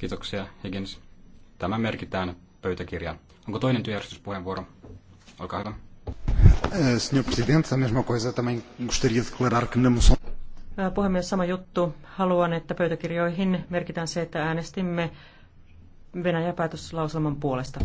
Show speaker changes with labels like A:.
A: Kiitoksia, Higgins. Tämä merkitään pöytäkirjaan. Onko toinen työjärjestyspuheenvuoro?
B: Olkaa hyvä. Eh, Senhor Presidente, a mesma coisa também gostaria de declarar que na no moção...
C: Eh, puhemies, sama juttu. Haluan, että pöytäkirjoihin merkitään se, että äänestimme Venäjä-päätöslauselman puolesta.